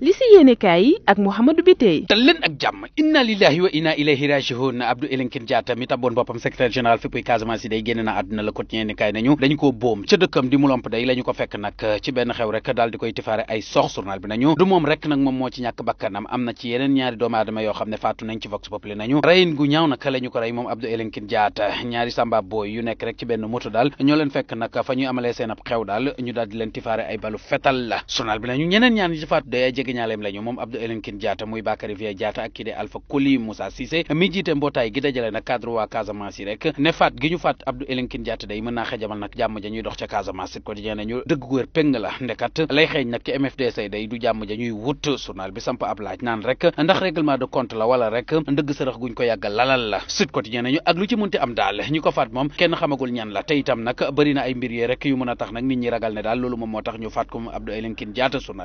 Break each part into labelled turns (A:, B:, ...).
A: li si yéenekaay yi ak Mouhamadou Biteye dal ak jàmm inna lillahi wa inna ilayhi raji'un Abdou Elinkine Diatta mi taboon boppam secrétaire général FPI Casamance yi day génn na àdduna la quotidien yéenekaay nañu dañu ko boom ca dëkkam di mu lomp day la ñu ko fekk nag ci benn xew rek daal di koy tifaare ay sox journal bi nañu du moom rek nag moom moo ci ñàkk bakkanam am na ci yeneen ñaari doomu aadama yoo xam ne faatu nañ ci vox populi nañu reyin gu ñaaw nag la ñu ko rey moom Abdou Elinkine Diatta ñoo leen fa ñuy amalee seen ñu daal di leen tifaare ay balu jegeñaaleem lañu moom Abdou Elinkine Diatta muy Bakary Vieux Diatta ak kii de Alpha Coly Moussa mi jiite mbootaay gi dajale nag cadre waa Casamance yi rek ne faat gi ñu faat Abdou Elinkine Diatta day journal bi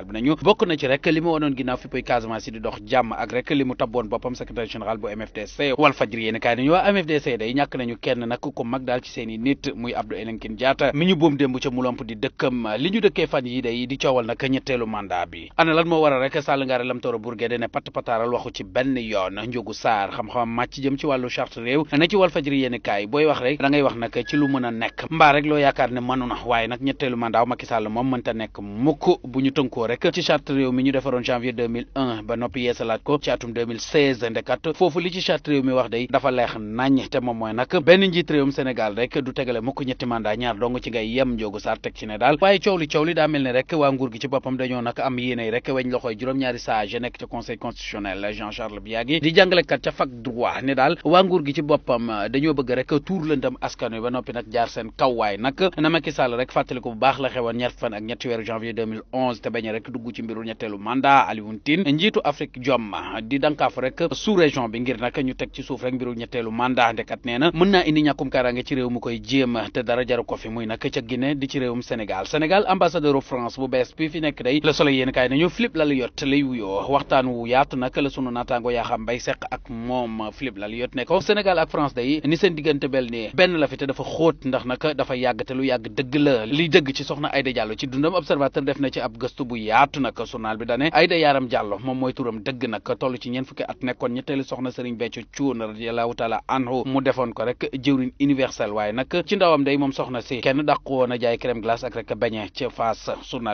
A: na a ñu bokk na ci rek limu wonon ginaaw ginnaaw fi puy Casamance di dox jam ak rek limu tabone bopam secrétaire général bu MFDC wal fajri yene kay ni wa MFDC day ñak nañu kenn nak ku mag dal ci seen nit muy Abdou Elinkine Diata mi ñu dembu ci ca Mulomp di dekkam li ñu fan yi day di ciowal nak ñettelu mandat bi ana lan mo wara rek sal ngaare lam toro burge dene pat pataral waxu ci ben yoon ñogu sar xam xam match jëm ci walu charte rew na ci wal fajri yene kay boy wax rek da ngay wax nak ci lu mëna nek mba rek lo yaakar ne mënu na waaye mandat Macky Sall moom mënta nek mukk bu ñu rek ci charte rew mi defaroon janvier 2001 ba noppi yeesalaat ko ci atum ndekat foofu li ci charte mi wax day dafa leex nañ te moom mooy benn njiit Sénégal rek du tegale mukk ñetti mandat ñaar dong ci ngay yem njoogu saar ci ne daal waaye coow li daa mel rek waa nguur gi ci boppam dañoo nag am yéenay rek weñ loxoy juróom-ñaari sage nekk ci conseil constitutionnel Jean Charles Biagui di jàngalekat ca fac droit ne daal waa nguur gi ci boppam dañoo bëgg Manda Alioune Tine njiitu Afrique Jom di dankaf rek sous région bi ngir nak ñu tek ci souf rek mbirul ñettelu mandat ndekat nee na mën na indi ñakum kaaraange ci koy te dara jaru ko fi muy nak ca Guinée di ci réewum Sénégal Sénégal ambassadeur France bu bes bi fi nek day le soleil yéen kay nañu Philippe Lalliot lay wuyo waxtaan wu yaatu nak le sunu natango ya xam bay sekk ak mom Philippe Lalliot ne ko Sénégal ak France day ni seen diggante bel ni ben la fi te dafa xoot ndax nak dafa yag te lu yag deug la li deug ci soxna Aïda Diallo ci dundam observateur def na ci ab gëstu bu yaatu nak sunal bi ne Aïda Yaram Diallo moom mooy turam dëgg nag toll ci ñeent fukki at nekkoon ñetteelu soxna Serigne Béthio Thioune radiyallahu taala anhu mu defoon ko rek jëwriñ universel waaye nag ci ndawam day moom soxna si kenn dàqu woon a jaay crème glace ak rek beñe ca Fass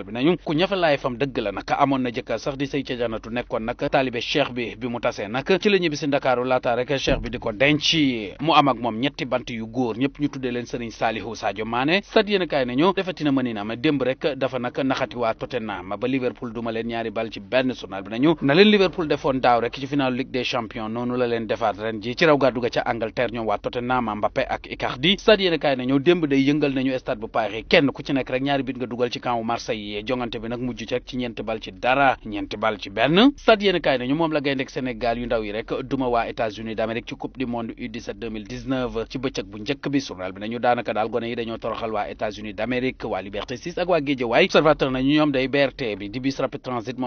A: bi nañu ku ñafe fam dëgg la nag amoon na jëkkër sax di sëy ca janatu nekkoon nag taalibe cheikh bi bi mu tasee nag ci la ñibbi Ndakaaru laata rek cheikh bi di ko denc mu am ak moom bal ci benn journal bi nañu na Liverpool defoon daaw rek ci final Ligue des champions noonu la defaat ren ji ci raw gàddu ca Angleterre ñoom waa Tottenham Mbappé ak Icardi stade yéen kaay nañu démb day yëngal nañu stade bu Paris kenn ku ci nekk rek ñaari bit nga dugal ci camp Marseille jongante bi nag mujj ci rek ci ñeenti bal ci dara ñeenti bal ci benn stade yéen kaay nañu moom la gayndeek Sénégal yu ndaw rek duma waa États-Unis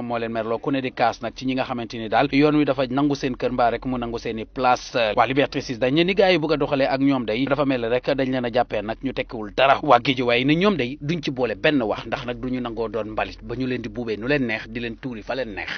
A: moom moo leen merloo ku ne di kaas nag ci ñi nga xamante ni daal yoon wi dafa nangu seen kër mbaa rek mu nangu seen i place euh, waa Liberté 6 dañ ne ni gars yi bëgg a doxalee ak ñoom day dafa mel rek dañ leen a jàppee nag ñu tekkiwul dara waa géej waaye ne ñoom day duñ ci boole benn wax ndax nag duñu nangoo doon mbalit ba ñu leen di buubee nu leen neex di leen tuuri fa leen neex